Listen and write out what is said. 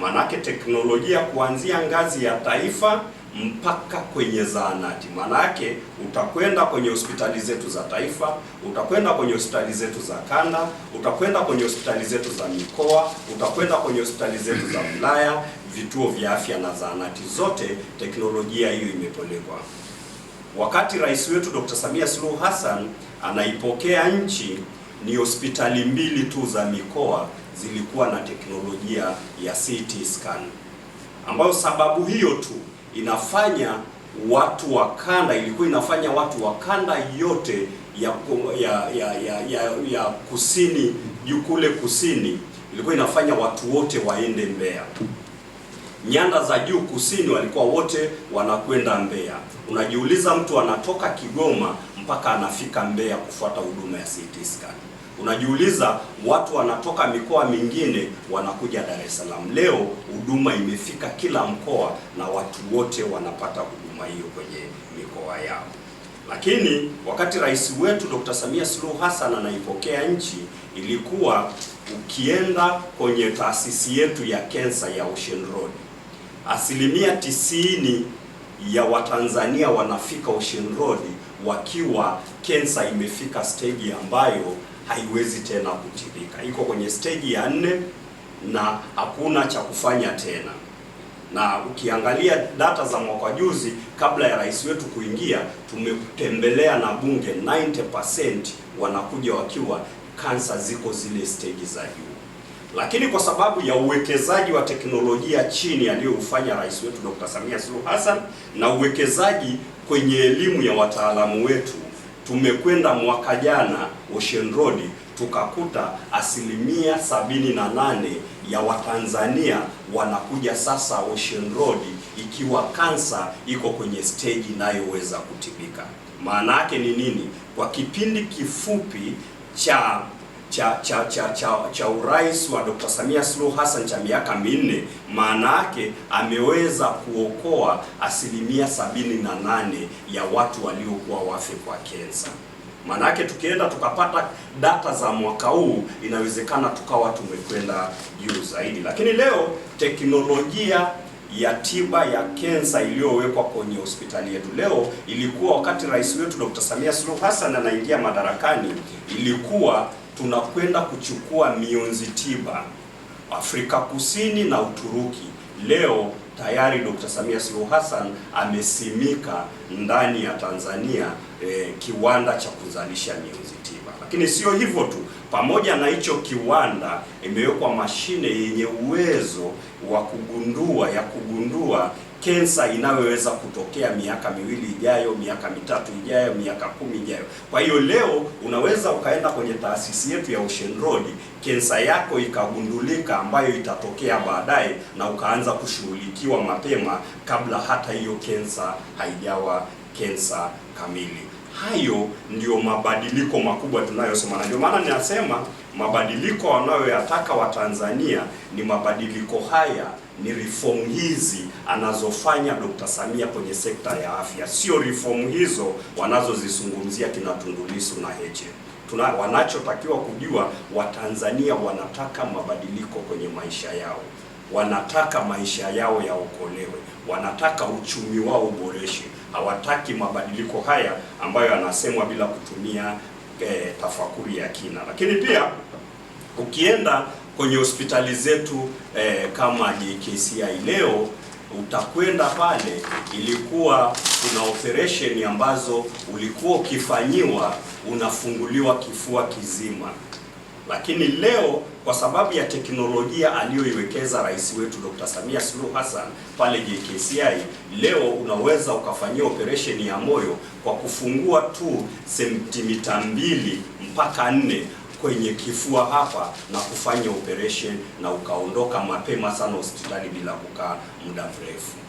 Maanake teknolojia kuanzia ngazi ya taifa mpaka kwenye zahanati. Maanake utakwenda kwenye hospitali zetu za taifa, utakwenda kwenye hospitali zetu za kanda, utakwenda kwenye hospitali zetu za mikoa, utakwenda kwenye hospitali zetu za wilaya, vituo vya afya na zahanati zote, teknolojia hiyo imepelekwa. Wakati rais wetu Dr. Samia Suluhu Hassan anaipokea nchi ni hospitali mbili tu za mikoa zilikuwa na teknolojia ya CT scan, ambayo sababu hiyo tu inafanya watu wa kanda ilikuwa inafanya watu wa kanda yote ya, ya, ya, ya, ya, ya kusini juu kule kusini ilikuwa inafanya watu wote waende Mbeya. Nyanda za juu kusini walikuwa wote wanakwenda Mbeya. Unajiuliza, mtu anatoka Kigoma mpaka anafika Mbeya kufuata huduma ya CT scan. Unajiuliza, watu wanatoka mikoa mingine wanakuja Dar es Salaam. Leo huduma imefika kila mkoa na watu wote wanapata huduma hiyo kwenye mikoa yao. Lakini wakati rais wetu Dr. Samia Suluhu Hassan anaipokea nchi, ilikuwa ukienda kwenye taasisi yetu ya kensa ya Ocean Road, asilimia tisini ya Watanzania wanafika Ocean Road wakiwa kensa imefika stage ambayo haiwezi tena kutirika, iko kwenye stage ya nne na hakuna cha kufanya tena. Na ukiangalia data za mwaka juzi, kabla ya rais wetu kuingia, tumetembelea na bunge 90% wanakuja wakiwa kansa ziko zile stage za juu, lakini kwa sababu ya uwekezaji wa teknolojia chini aliyoufanya rais wetu Dr. Samia Suluhu Hassan na uwekezaji kwenye elimu ya wataalamu wetu tumekwenda mwaka jana Ocean Road tukakuta asilimia sabini na nane ya Watanzania wanakuja sasa Ocean Road ikiwa kansa iko kwenye stage inayoweza kutibika. Maana yake ni nini? Kwa kipindi kifupi cha cha cha cha cha, cha urais wa Dr. Samia Suluhu Hassan cha miaka minne, maana yake ameweza kuokoa asilimia sabini na nane ya watu waliokuwa wafe kwa kensa. Maana yake tukienda tukapata data za mwaka huu inawezekana tukawa tumekwenda juu zaidi, lakini leo teknolojia ya tiba ya kensa iliyowekwa kwenye hospitali yetu leo ilikuwa wakati rais wetu Dr. Samia Suluhu Hassan anaingia madarakani ilikuwa tunakwenda kuchukua mionzi tiba Afrika Kusini na Uturuki. Leo tayari Dr. Samia Suluhu Hassan amesimika ndani ya Tanzania eh, kiwanda cha kuzalisha mionzi tiba. Lakini sio hivyo tu, pamoja na hicho kiwanda imewekwa mashine yenye uwezo wa kugundua ya kugundua kensa inayoweza kutokea miaka miwili ijayo, miaka mitatu ijayo, miaka kumi ijayo. Kwa hiyo leo unaweza ukaenda kwenye taasisi yetu ya Ocean Road, kensa yako ikagundulika ambayo itatokea baadaye, na ukaanza kushughulikiwa mapema kabla hata hiyo kensa haijawa kensa kamili. Hayo ndiyo mabadiliko makubwa tunayosema, na ndio maana ninasema mabadiliko wanayoyataka Watanzania ni mabadiliko haya, ni reform hizi anazofanya Dr. Samia kwenye sekta ya afya, sio reform hizo wanazozizungumzia kina Tundu Lissu na Heche. Tuna wanachotakiwa kujua, Watanzania wanataka mabadiliko kwenye maisha yao, wanataka maisha yao yaokolewe, wanataka uchumi wao uboreshe hawataki mabadiliko haya ambayo yanasemwa bila kutumia e, tafakuri ya kina. Lakini pia ukienda kwenye hospitali zetu e, kama JKCI leo utakwenda pale, ilikuwa kuna operation ambazo ulikuwa ukifanyiwa unafunguliwa kifua kizima. Lakini leo kwa sababu ya teknolojia aliyoiwekeza rais wetu Dr. Samia Suluhu Hassan pale JKCI, leo unaweza ukafanyia operesheni ya moyo kwa kufungua tu sentimita mbili mpaka nne kwenye kifua hapa na kufanya operation na ukaondoka mapema sana hospitali bila kukaa muda mrefu.